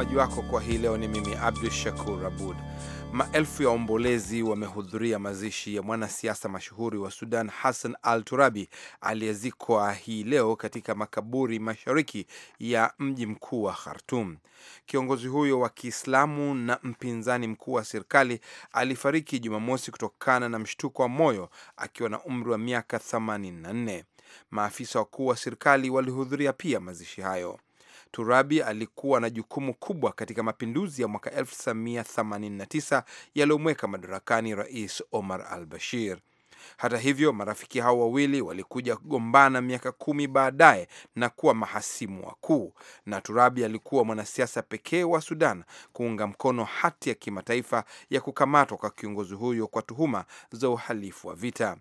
Msomaji wako kwa hii leo ni mimi Abdu Shakur Abud. Maelfu ya waombolezi wamehudhuria mazishi ya mwanasiasa mashuhuri wa Sudan, Hassan al Turabi, aliyezikwa hii leo katika makaburi mashariki ya mji mkuu wa Khartum. Kiongozi huyo wa Kiislamu na mpinzani mkuu wa serikali alifariki Jumamosi kutokana na mshtuko wa moyo akiwa na umri wa miaka 84. Maafisa wakuu wa serikali walihudhuria pia mazishi hayo. Turabi alikuwa na jukumu kubwa katika mapinduzi ya mwaka 1989 yaliyomweka madarakani Rais Omar al Bashir. Hata hivyo, marafiki hao wawili walikuja kugombana miaka kumi baadaye na kuwa mahasimu wakuu, na Turabi alikuwa mwanasiasa pekee wa Sudan kuunga mkono hati ya kimataifa ya kukamatwa kwa kiongozi huyo kwa tuhuma za uhalifu wa vita.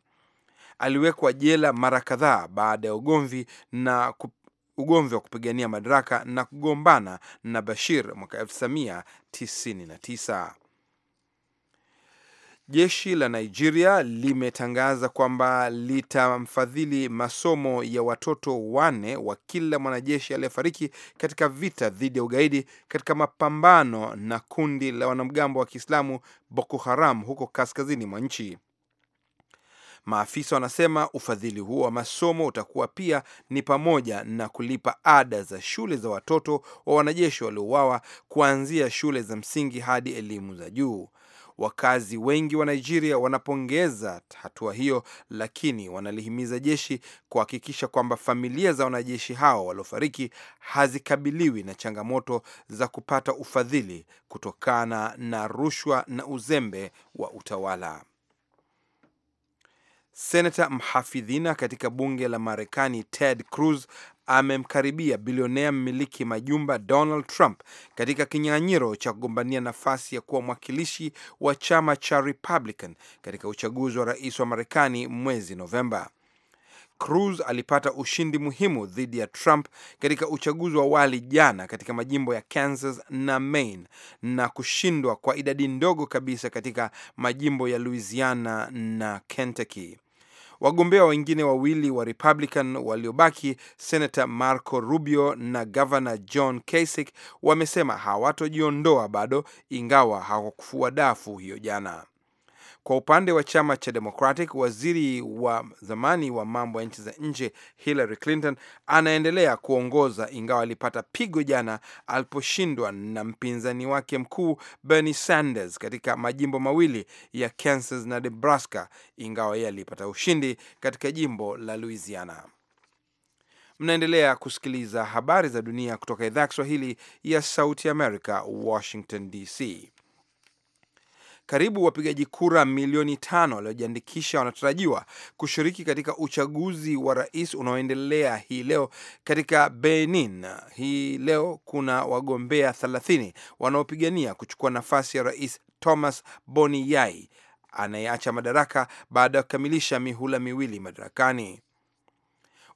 Aliwekwa jela mara kadhaa baada ya ugomvi na ugomvi wa kupigania madaraka na kugombana na Bashir mwaka 1999. Jeshi la Nigeria limetangaza kwamba litamfadhili masomo ya watoto wane wa kila mwanajeshi aliyefariki katika vita dhidi ya ugaidi katika mapambano na kundi la wanamgambo wa Kiislamu Boko Haram huko kaskazini mwa nchi. Maafisa wanasema ufadhili huo wa masomo utakuwa pia ni pamoja na kulipa ada za shule za watoto wa wanajeshi waliouawa kuanzia shule za msingi hadi elimu za juu. Wakazi wengi wa Nigeria wanapongeza hatua hiyo, lakini wanalihimiza jeshi kuhakikisha kwamba familia za wanajeshi hao waliofariki hazikabiliwi na changamoto za kupata ufadhili kutokana na rushwa na uzembe wa utawala. Senata mhafidhina katika bunge la Marekani Ted Cruz amemkaribia bilionea mmiliki majumba Donald Trump katika kinyang'anyiro cha kugombania nafasi ya kuwa mwakilishi wa chama cha Republican katika uchaguzi wa rais wa Marekani mwezi Novemba. Cruz alipata ushindi muhimu dhidi ya Trump katika uchaguzi wa awali jana katika majimbo ya Kansas na Maine na kushindwa kwa idadi ndogo kabisa katika majimbo ya Louisiana na Kentucky. Wagombea wengine wawili wa Republican waliobaki, Senator Marco Rubio na Governor John Kasich, wamesema hawatojiondoa bado, ingawa hawakufua dafu hiyo jana. Kwa upande wa chama cha Democratic, waziri wa zamani wa mambo ya nchi za nje Hillary Clinton anaendelea kuongoza, ingawa alipata pigo jana aliposhindwa na mpinzani wake mkuu Bernie Sanders katika majimbo mawili ya Kansas na Nebraska, ingawa yeye alipata ushindi katika jimbo la Louisiana. Mnaendelea kusikiliza habari za dunia kutoka idhaa ya Kiswahili ya Sauti America, Washington DC. Karibu wapigaji kura milioni tano waliojiandikisha wanatarajiwa kushiriki katika uchaguzi wa rais unaoendelea hii leo katika Benin. Hii leo kuna wagombea thelathini wanaopigania kuchukua nafasi ya rais Thomas Boni Yai anayeacha madaraka baada ya kukamilisha mihula miwili madarakani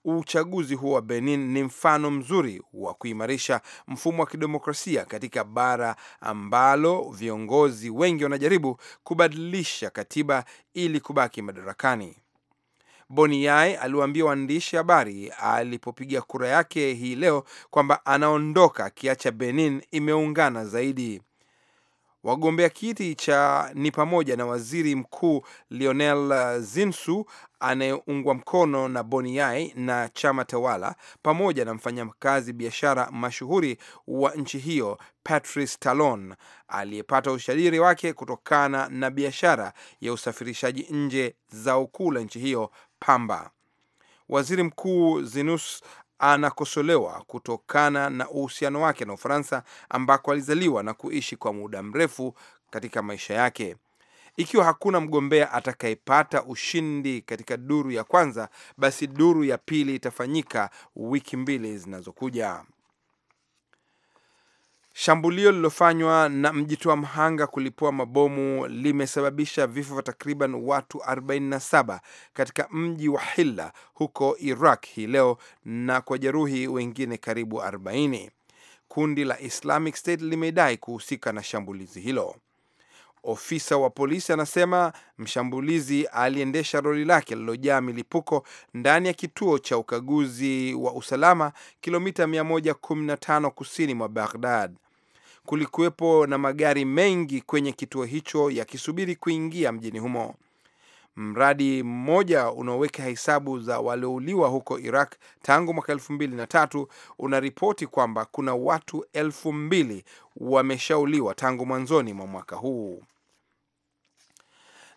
uchaguzi huo wa Benin ni mfano mzuri wa kuimarisha mfumo wa kidemokrasia katika bara ambalo viongozi wengi wanajaribu kubadilisha katiba ili kubaki madarakani. Boni aliwaambia waandishi habari alipopiga kura yake hii leo kwamba anaondoka akiacha Benin imeungana zaidi. Wagombea kiti cha ni pamoja na waziri mkuu Lionel uh, Zinsu anayeungwa mkono na Boni Yai na chama tawala, pamoja na mfanyakazi biashara mashuhuri wa nchi hiyo Patrice Talon aliyepata ushajiri wake kutokana na biashara ya usafirishaji nje za ukuu la nchi hiyo pamba. Waziri Mkuu Zinus anakosolewa kutokana na uhusiano wake na Ufaransa ambako alizaliwa na kuishi kwa muda mrefu katika maisha yake. Ikiwa hakuna mgombea atakayepata ushindi katika duru ya kwanza, basi duru ya pili itafanyika wiki mbili zinazokuja. Shambulio lililofanywa na mjitoa mhanga kulipua mabomu limesababisha vifo vya takriban watu 47 katika mji wa Hilla huko Iraq hii leo na kwa jeruhi wengine karibu 40. Kundi la Islamic State limedai kuhusika na shambulizi hilo. Ofisa wa polisi anasema mshambulizi aliendesha roli lake lililojaa milipuko ndani ya kituo cha ukaguzi wa usalama kilomita 115 kusini mwa Baghdad. Kulikuwepo na magari mengi kwenye kituo hicho yakisubiri kuingia mjini humo. Mradi mmoja unaoweka hesabu za waliouliwa huko Iraq tangu mwaka elfu mbili na tatu unaripoti kwamba kuna watu elfu mbili wameshauliwa tangu mwanzoni mwa mwaka huu.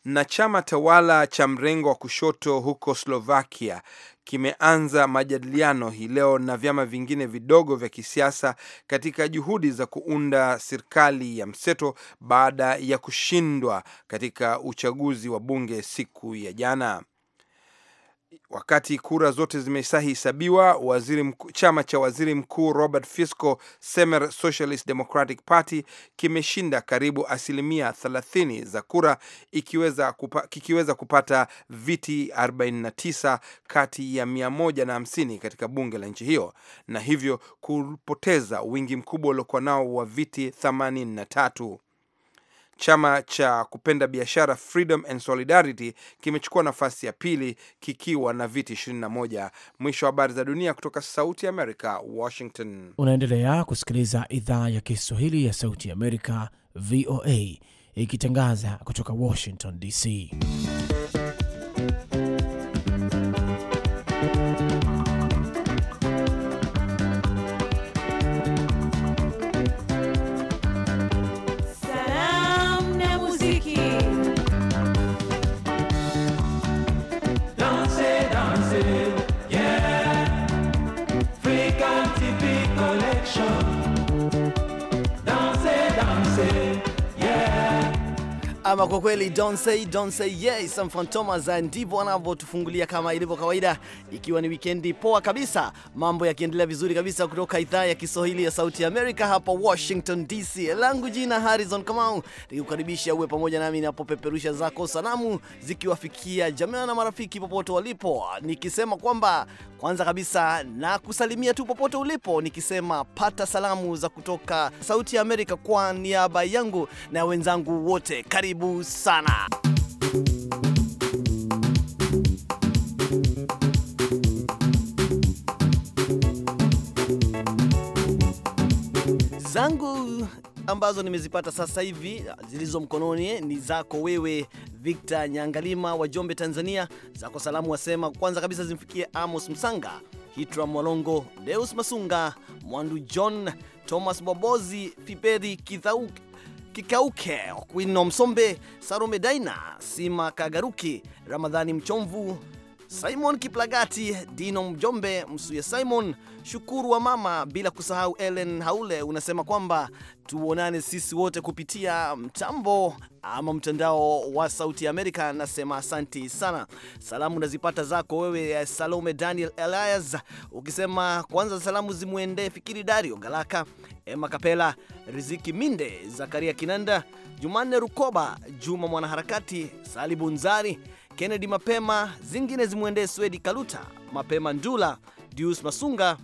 Na chama tawala cha mrengo wa kushoto huko Slovakia kimeanza majadiliano hii leo na vyama vingine vidogo vya kisiasa katika juhudi za kuunda serikali ya mseto baada ya kushindwa katika uchaguzi wa bunge siku ya jana. Wakati kura zote zimeshahesabiwa, chama cha waziri mkuu Robert fisco Semer Socialist Democratic Party kimeshinda karibu asilimia 30 za kura ikiweza kupa, kikiweza kupata viti 49 kati ya 150 katika bunge la nchi hiyo, na hivyo kupoteza wingi mkubwa uliokuwa nao wa viti 83. Chama cha kupenda biashara Freedom and Solidarity kimechukua nafasi ya pili kikiwa na viti 21. Mwisho wa habari za dunia kutoka Sauti ya Amerika, Washington. Unaendelea kusikiliza idhaa ya Kiswahili ya Sauti ya Amerika, VOA, ikitangaza kutoka Washington DC. David. ama kwa kweli, don't say don't say yes, some Fantomas ndivyo wanavyotufungulia kama ilivyo kawaida, ikiwa ni wikendi poa kabisa, mambo yakiendelea vizuri kabisa, kutoka idhaa ya Kiswahili ya Sauti ya Amerika hapa Washington DC. Langu jina Harrison Kamau, nikukaribisha uwe pamoja nami napopeperusha zako salamu zikiwafikia jamaa na marafiki popote walipo, nikisema kwamba kwanza kabisa na kusalimia tu popote ulipo, nikisema pata salamu za kutoka Sauti ya Amerika kwa niaba yangu na wenzangu wote, karibu karibu sana. zangu ambazo nimezipata sasa hivi zilizo mkononi ni zako wewe Victor Nyangalima wa Jombe, Tanzania. Zako salamu wasema kwanza kabisa zimfikie Amos Msanga, Hitra Mwalongo, Deus Masunga, Mwandu John, Thomas Bobozi, fiperi Kithauki Kikauke, Okwino Msombe, Sarume Daina, Sima Kagaruki, Ramadhani Mchomvu, Simon Kiplagati, Dino Mjombe, Msuya Simon, Shukuru wa mama, bila kusahau Ellen Haule, unasema kwamba tuonane sisi wote kupitia mtambo ama mtandao wa Sauti ya Amerika. Nasema asanti sana. Salamu nazipata zako wewe Salome Daniel Elias, ukisema kwanza salamu zimwendee Fikiri Dario Galaka, Emma Kapela, Riziki Minde, Zakaria Kinanda, Jumanne Rukoba, Juma Mwanaharakati, Salibunzari Kennedy Mapema, zingine zimwendee Swedi Kaluta, Mapema Ndula, Dius Masunga,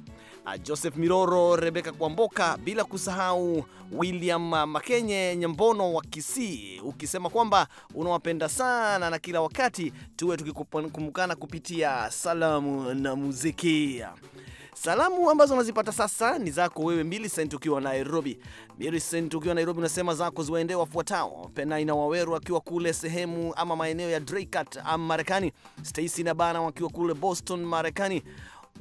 Joseph Miroro, Rebeka Kwamboka, bila kusahau William Makenye Nyambono wa Kisii, ukisema kwamba unawapenda sana na kila wakati tuwe tukikumbukana kupitia salamu na muziki. Salamu ambazo unazipata sasa ni zako wewe sent ukiwa Nairobi. sent ukiwa Nairobi unasema zako ziwaendee wafuatao: Penaina Waweru akiwa kule sehemu ama maeneo ya Draycott ama Marekani, Stacy na Bana wakiwa kule Boston Marekani,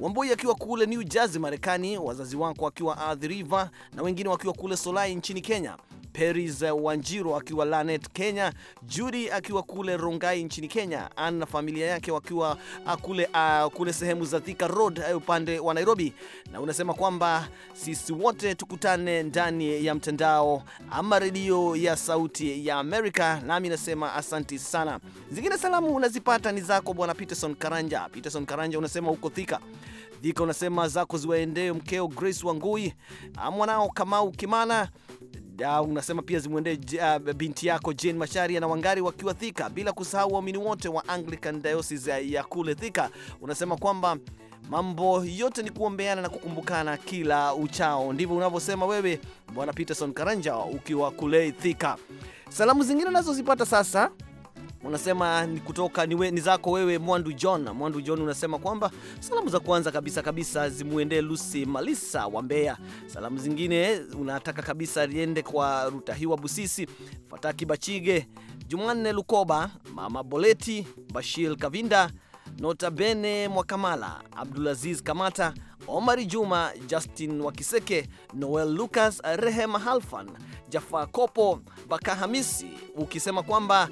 Wamboi akiwa kule New Jersey, Marekani, wazazi wako akiwa Athi River na wengine wakiwa kule Solai nchini Kenya. Peris Wanjiro akiwa Lanet, Kenya. judi akiwa kule Rongai nchini Kenya. ana na familia yake wakiwa ah, kule, uh, kule sehemu za Thika Road eh, upande wa Nairobi, na unasema kwamba sisi wote tukutane ndani ya mtandao ama redio ya Sauti ya Amerika, nami nasema asanti sana. Zingine salamu unazipata ni zako Bwana Peterson Karanja. Peterson Karanja unasema huko Thika Dhika unasema zako ziwaendee mkeo Grace Wangui, ah, mwanao Kamau Kimana da, unasema pia zimwendee uh, binti yako Jane masharia na Wangari wakiwa Thika, bila kusahau waumini wote wa Anglican Diocese ya kule Thika. Unasema kwamba mambo yote ni kuombeana na kukumbukana kila uchao. Ndivyo unavyosema wewe Bwana Peterson Karanja ukiwa kule Thika. Salamu zingine nazozipata sasa unasema ni kutoka ni, we, ni zako wewe Mwandu John. Mwandu John unasema kwamba salamu za kwanza kabisa kabisa zimuendee Lucy Malisa wa Mbeya. Salamu zingine unataka kabisa liende kwa Rutahiwa Busisi, Fataki Bachige, Jumanne Lukoba, Mama Boleti, Bashir Kavinda, Notabene Mwakamala, Abdulaziz Kamata, Omari Juma, Justin Wakiseke, Noel Lucas, Rehema Halfan, Jafar Kopo, Bakahamisi ukisema kwamba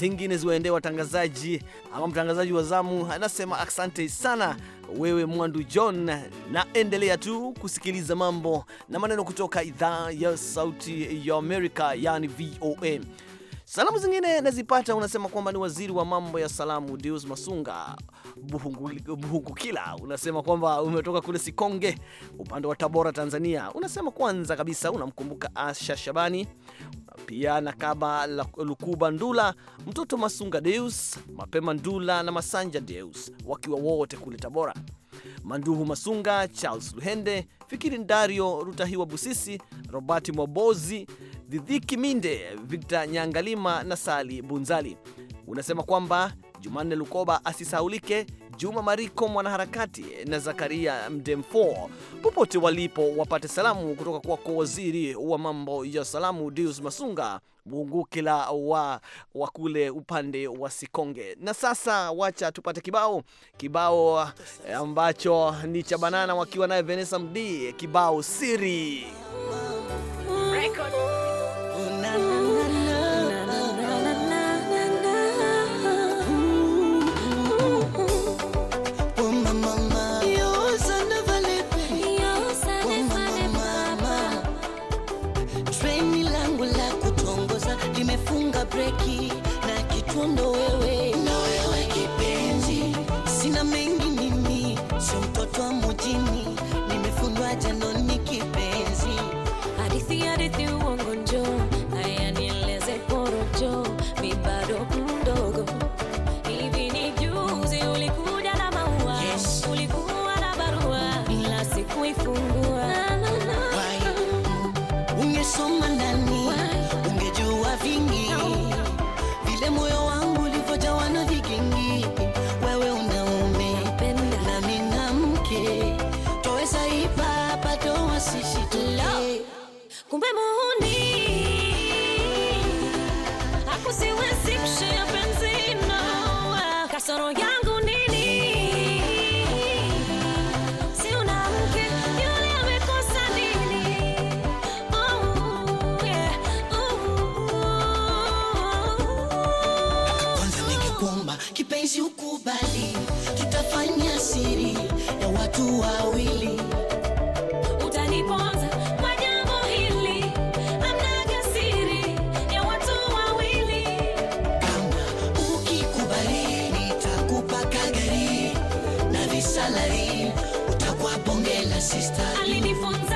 zingine ziwaendee watangazaji ama mtangazaji wa zamu anasema asante sana wewe Mwandu John, na endelea tu kusikiliza mambo na maneno kutoka idhaa ya Sauti ya Amerika, yani VOA. Salamu zingine nazipata, unasema kwamba ni waziri wa mambo ya salamu Deus Masunga Buhungukila unasema kwamba umetoka kule Sikonge upande wa Tabora, Tanzania. Unasema kwanza kabisa unamkumbuka Asha Shabani, pia Nakaba Lukuba Ndula, mtoto Masunga Deus, Mapema Ndula na Masanja Deus wakiwa wote kule Tabora. Manduhu Masunga, Charles Luhende, Fikiri Ndario, Rutahiwa Busisi, Robati Mwabozi, dhidhiki Minde, Victor Nyangalima na Sali Bunzali. Unasema kwamba Jumanne Lukoba asisaulike, Juma Mariko mwanaharakati na Zakaria Mdemfo. Popote walipo, wapate salamu kutoka kwako waziri wa mambo ya salamu Dius Masunga Mugukila wa, wa kule upande wa Sikonge. Na sasa wacha tupate kibao kibao eh, ambacho ni cha Banana wakiwa naye Vanessa Mdi, kibao siri watu wawili utaniponza kwa jambo hili amna siri ya watu wawili kama ukikubali nitakupa kagari na visalari utakuwa bonge la sista alinifunza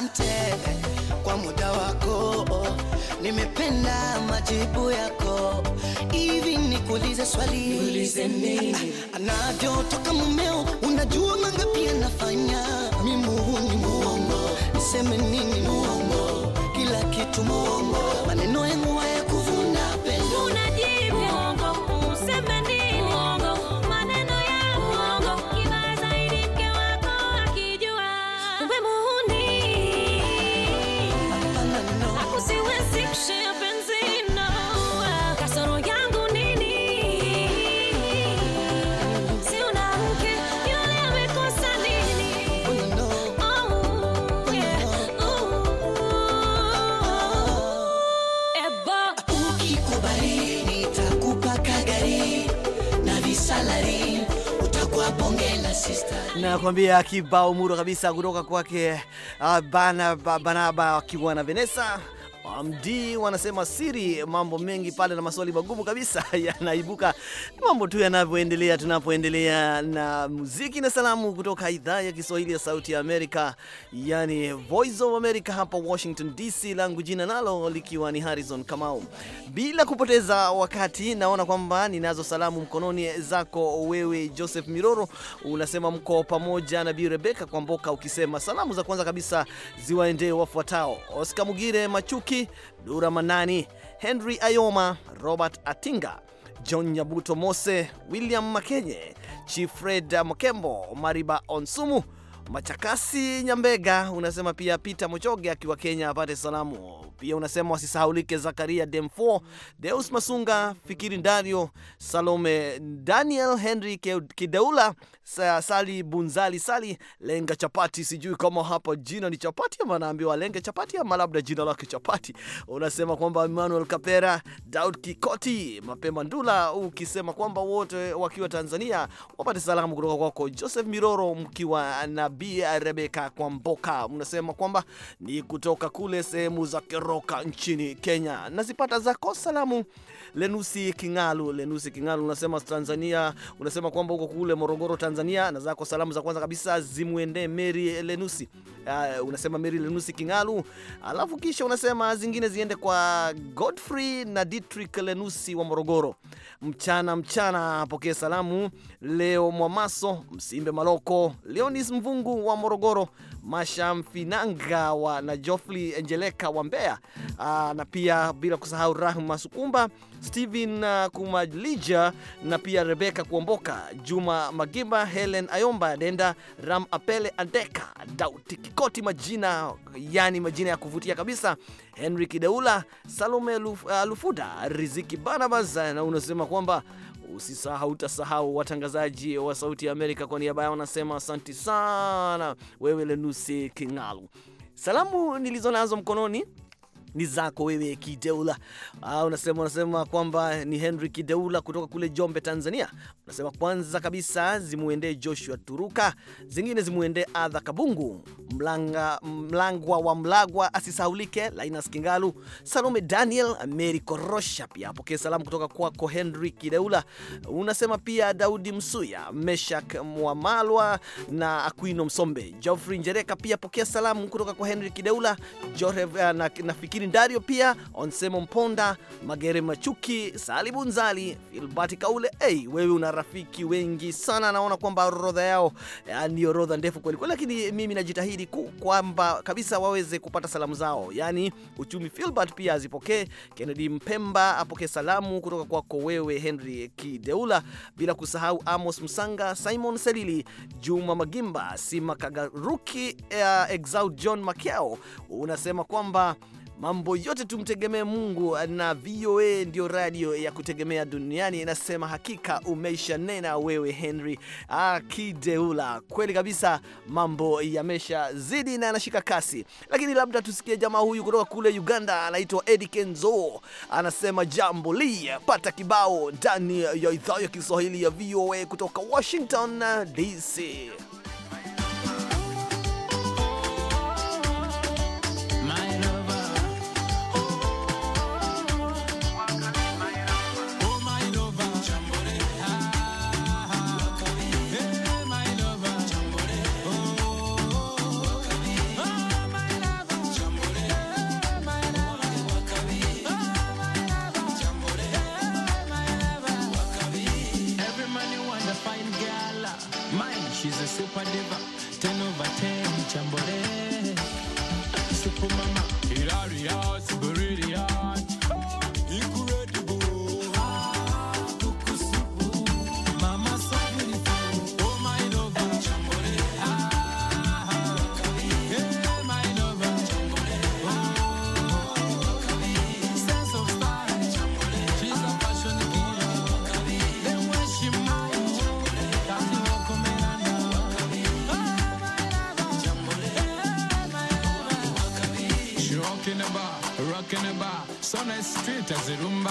asante kwa muda wako, nimependa majibu yako. Hivi nikuulize swali, nini? Ah, anavyotoka mumeo, unajua mangapi anafanya? mimuhu ni muongo, niseme nini? Muongo, kila kitu muongo nakwambia kibao muro kabisa kutoka kwake uh, bana banaba akiwa na Vanessa Mdi wanasema siri, mambo mengi pale na maswali magumu kabisa yanaibuka. Mambo tu yanavyoendelea, tunapoendelea na muziki na salamu kutoka idhaa ya Kiswahili ya Sauti ya Amerika, yani Voice of America hapa Washington DC, langu jina nalo likiwa ni Harrison Kamau. Bila kupoteza wakati, naona kwamba ninazo salamu mkononi zako wewe Joseph Miroro, unasema mko pamoja na Bi Rebeka Kwamboka, ukisema salamu za kwanza kabisa ziwaendee wafuatao: Oscar Mugire Machuki Dura Manani, Henry Ayoma, Robert Atinga, John Nyabuto Mose, William Makenye, Chief Fred Mokembo, Mariba Onsumu, Machakasi Nyambega. Unasema pia Peter Mochoge akiwa Kenya apate salamu. Pia unasema wasisahaulike Zakaria Demfo, Deus Masunga, Fikiri Dario, Salome Daniel, Henry Kideula Sali Bunzali Sali lenga chapati. Sijui kama hapo jina ni chapati ama naambiwa lenga chapati ama labda jina lake chapati. Unasema kwamba Emmanuel Kapera, Daud Kikoti, Mapema Ndula, ukisema kwamba wote wakiwa Tanzania wapate salamu kutoka kwako Joseph Miroro, mkiwa na Bi Rebeka Kwamboka. Unasema kwamba ni kutoka kule sehemu za Keroka nchini Kenya. Nazipata zako salamu Lenusi Kingalu, Lenusi Kingalu unasema Tanzania, unasema kwamba uko kule Morogoro Tanzania Tanzania, na zako salamu za kwanza kabisa zimwendee Mary Lenusi. Uh, unasema Mary Lenusi Kingalu, alafu kisha unasema zingine ziende kwa Godfrey na Dietrich Lenusi wa Morogoro. Mchana mchana apokee salamu leo Mwamaso Msimbe Maloko, Leonis Mvungu wa Morogoro, Mashamfinanga wa, na Jofli Enjeleka wa Mbeya ah, na pia bila kusahau Rahma Sukumba, Steven ah, Kumalija na pia Rebeka Kuomboka, Juma Magimba, Helen Ayomba Denda, Ram Apele Andeka, Dauti Kikoti, majina yani majina ya kuvutia kabisa, Henry Kideula, Salome ah, Lufuda, Riziki Barnabas, na unasema kwamba Usisahau, utasahau watangazaji wa Sauti ya Amerika. Kwa niaba yao wanasema asanti sana, wewe Lenusi Kingalu. Salamu nilizo nazo mkononi ni zako wewe Kideula. Ah, unasema unasema kwamba ni Henry Kideula kutoka kule Jombe, Tanzania. Unasema kwanza kabisa zimuendee Joshua Turuka, zingine zimuendee Adha Kabungu, Mlanga Mlangwa wa Mlagwa asisahulike, Linus Kingalu, Salome Daniel, Mary Korosha pia apokee salamu kutoka kwako Henry Kideula. Unasema pia Daudi Msuya, Meshak Mwamalwa na Aquino Msombe, Geoffrey Njereka pia apokea salamu kutoka kwa Henry Kideula, Jorge eh, na, na fikiri Dario, pia Onsemo Mponda, Magere Machuki, Salibunzali, Filbati Kaule. Hey, wewe una rafiki wengi sana, naona kwamba orodha yao eh, ni orodha ndefu kweli lakini mimi najitahidi kwamba kabisa waweze kupata salamu zao, yani uchumi Filbert pia azipokee, Kennedy Mpemba apokee salamu kutoka kwako wewe Henry Kideula, bila kusahau Amos Msanga, Simon Selili, Juma Magimba, Sima Kagaruki, eh, Exaud John Makao. Unasema kwamba Mambo yote tumtegemee Mungu, na VOA ndio radio ya kutegemea duniani. Inasema hakika umeisha nena wewe Henry Akideula, kweli kabisa, mambo yamesha zidi na yanashika kasi. Lakini labda tusikie jamaa huyu kutoka kule Uganda, anaitwa Eddie Kenzo, anasema jambo li pata kibao ndani ya idhaa ya Kiswahili ya VOA kutoka Washington DC. super diva, ten over ten, chambore. Super mama, hilarious. de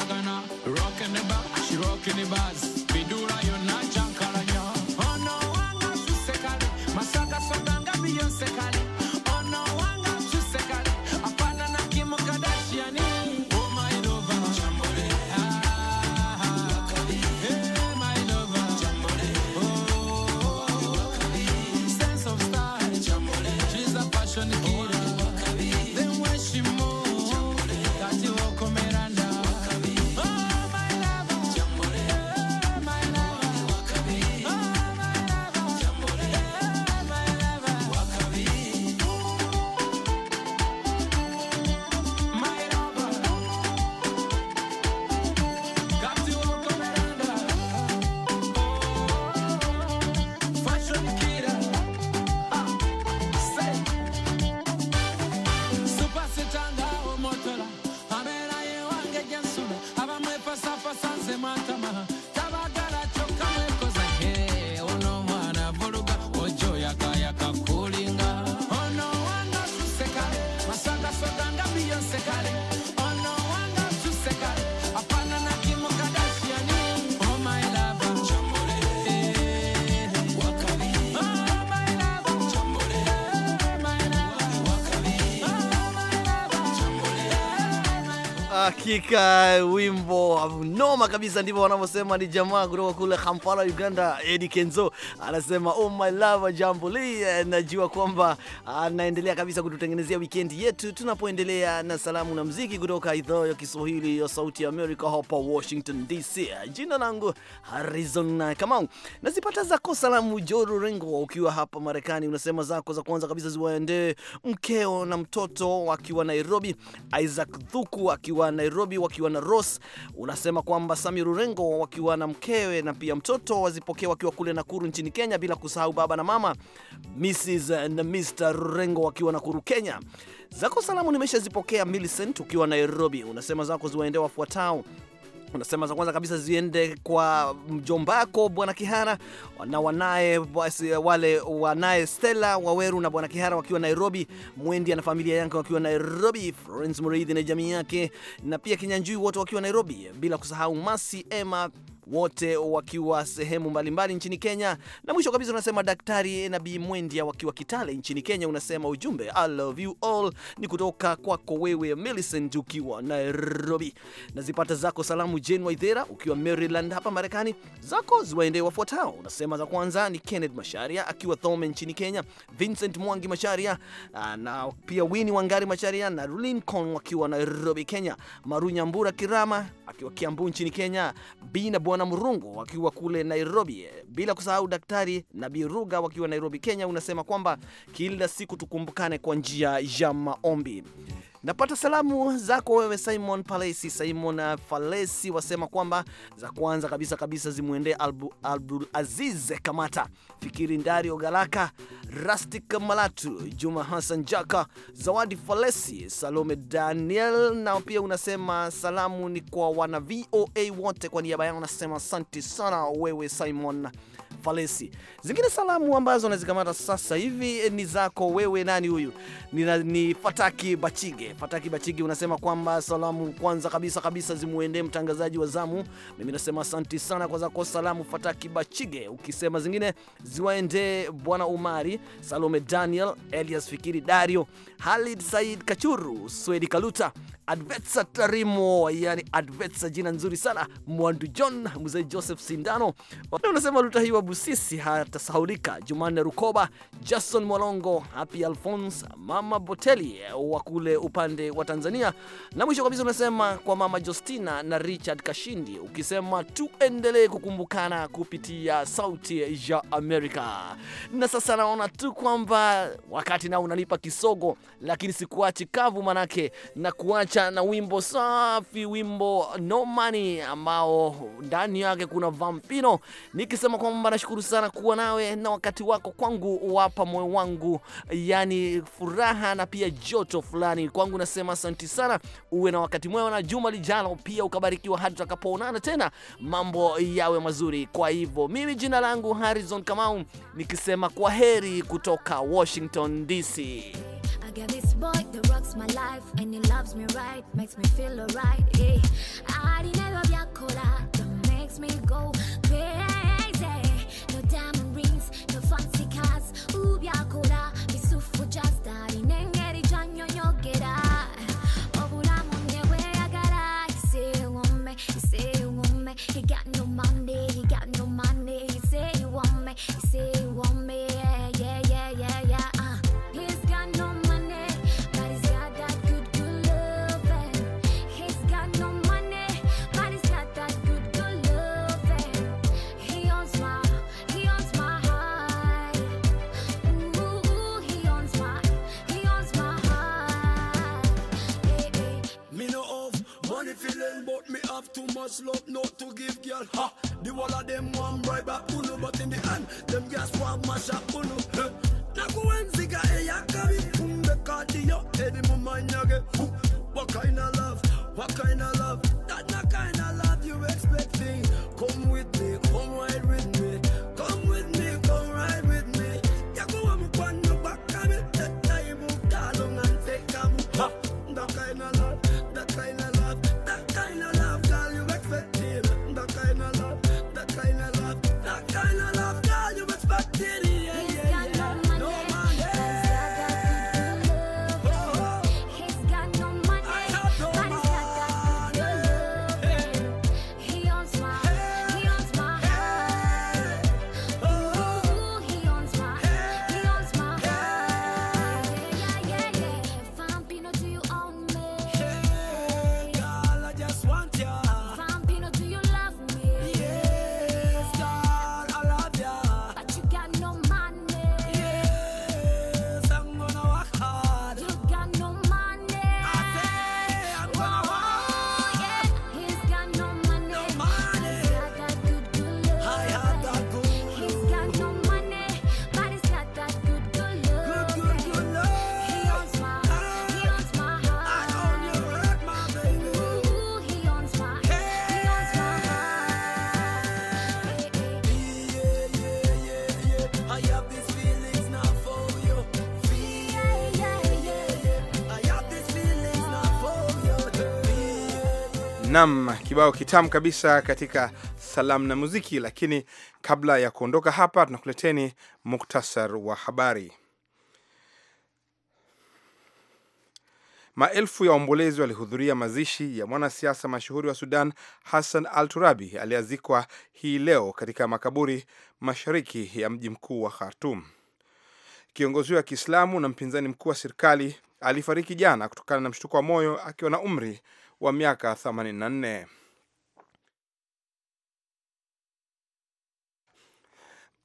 Hakika wimbo noma kabisa, ndivyo wanavyosema. Ni jamaa kutoka kule Kampala, Uganda, Eddie Kenzo anasema oh my love, jambo lee. Eh, najua kwamba anaendelea ah, kabisa kututengenezea weekend yetu, tunapoendelea na salamu na muziki kutoka idhaa ya Kiswahili ya Sauti ya America hapa Washington DC. Jina langu Harrison Kamau, nazipata zako salamu Joru Rengo, ukiwa hapa Marekani, unasema zako za kwanza kabisa ziwaendee mkeo na mtoto wakiwa Nairobi, Isaac Thuku akiwa Nairobi Nairobi wakiwa na Ross. Unasema kwamba Sami Rurengo wakiwa na mkewe na pia mtoto wazipokee wakiwa kule Nakuru nchini Kenya, bila kusahau baba na mama Mrs eh, na Mr Rurengo wakiwa Nakuru Kenya. Zako salamu nimeshazipokea. Millicent ukiwa Nairobi unasema zako ziwaendea wafuatao: Unasema za kwanza kabisa ziende kwa mjombako Bwana Kihara na wanaye wale wanaye Stella Waweru na Bwana Kihara wakiwa Nairobi, Mwendi na familia yake wakiwa Nairobi, Florence Muriithi na jamii yake, na pia Kinyanjui wote wakiwa Nairobi, bila kusahau Masi Emma wote wakiwa sehemu mbalimbali mbali nchini Kenya. Na mwisho kabisa unasema Daktari Nabii Mwendia wakiwa Kitale nchini Kenya, unasema ujumbe I love you all ni kutoka kwako wewe Millicent ukiwa Nairobi. Nazipata zako salamu Jane Waithera ukiwa Maryland hapa Marekani, zako ziwaendee wafuatao. Unasema za kwanza ni Kenneth Masharia akiwa Thome nchini Kenya, Vincent Mwangi Masharia ah, na pia Winnie Wangari Masharia na Rulin Kon wakiwa Nairobi Kenya, Marunyambura Kirama akiwa Kiambu nchini Kenya, Bina Bwana Murungu wakiwa kule Nairobi, eh, bila kusahau Daktari Biruga wakiwa Nairobi, Kenya, unasema kwamba kila siku tukumbukane kwa njia ya maombi. Napata salamu zako wewe Simon Palesi. Simon Falesi wasema kwamba za kwanza kabisa kabisa zimwendee Abdul Aziz Kamata, Fikiri Ndario, Galaka Rastik Malatu, Juma Hassan Jaka, Zawadi Falesi, Salome Daniel, na pia unasema salamu ni kwa wana VOA wote. Kwa niaba yangu nasema asante sana wewe Simon Falesi. Zingine salamu ambazo nazikamata sasa hivi ni zako wewe, nani huyu? ni, ni Fataki Bachige. Fataki Bachige unasema kwamba salamu kwanza kabisa kabisa zimuendee mtangazaji wa zamu. Mimi nasema asanti sana kwa zako salamu Fataki Bachige, ukisema zingine ziwaendee Bwana Umari, Salome Daniel, Elias Fikiri, Dario Halid, Said Kachuru, Swedi Kaluta, Advetsa Tarimo, yani Advetsa jina nzuri sana, Mwandu John, Mzee Joseph Sindano. Unasema Luta Lutahiwa Busisi hatasahaulika, Jumanne Rukoba, Jason Mwalongo, Happy Alphonse, Mama Boteli eh, wa kule upande wa Tanzania. Na mwisho kabisa unasema kwa Mama Justina na Richard Kashindi, ukisema tuendelee kukumbukana kupitia Sauti ya Amerika. Na sasa naona tu kwamba wakati nao unanipa kisogo, lakini sikuachi kavu, manake na kuacha na wimbo safi, wimbo No Money ambao ndani yake kuna Vampino, nikisema kwamba nashukuru sana kuwa nawe na wakati wako kwangu, wapa moyo wangu yani furaha furaha na pia joto fulani. Kwangu nasema asanti sana, uwe na wakati mwema na juma lijalo pia ukabarikiwa, hadi tutakapoonana tena, mambo yawe mazuri. Kwa hivyo mimi jina langu Harrison Kamau nikisema kwa heri kutoka Washington DC. too much love, not to give girl. Ha! The wall of them one bribe up uno, but in the end, them just want mash up uno. Naku wenziga eya kabi kumbe kadi yo, edi mumanyage. What kind of love? What kind of love? kibao kitamu kabisa katika salamu na muziki. Lakini kabla ya kuondoka hapa, tunakuleteni muktasar wa habari. Maelfu ya waombolezi walihudhuria mazishi ya mwanasiasa mashuhuri wa Sudan, Hassan al Turabi, aliyeazikwa hii leo katika makaburi mashariki ya mji mkuu wa Khartum. Kiongozi wa Kiislamu na mpinzani mkuu wa serikali alifariki jana kutokana na mshtuko wa moyo akiwa na umri wa miaka 84.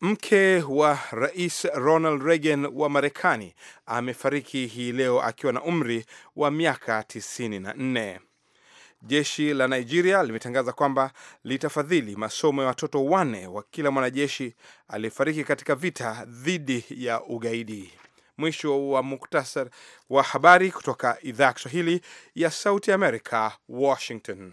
Mke wa Rais Ronald Reagan wa Marekani amefariki hii leo akiwa na umri wa miaka 94. Jeshi la Nigeria limetangaza kwamba litafadhili masomo ya watoto wanne wa kila mwanajeshi aliyefariki katika vita dhidi ya ugaidi. Mwisho wa muktasar wa habari kutoka idhaa ya Kiswahili ya Sauti Amerika, Washington.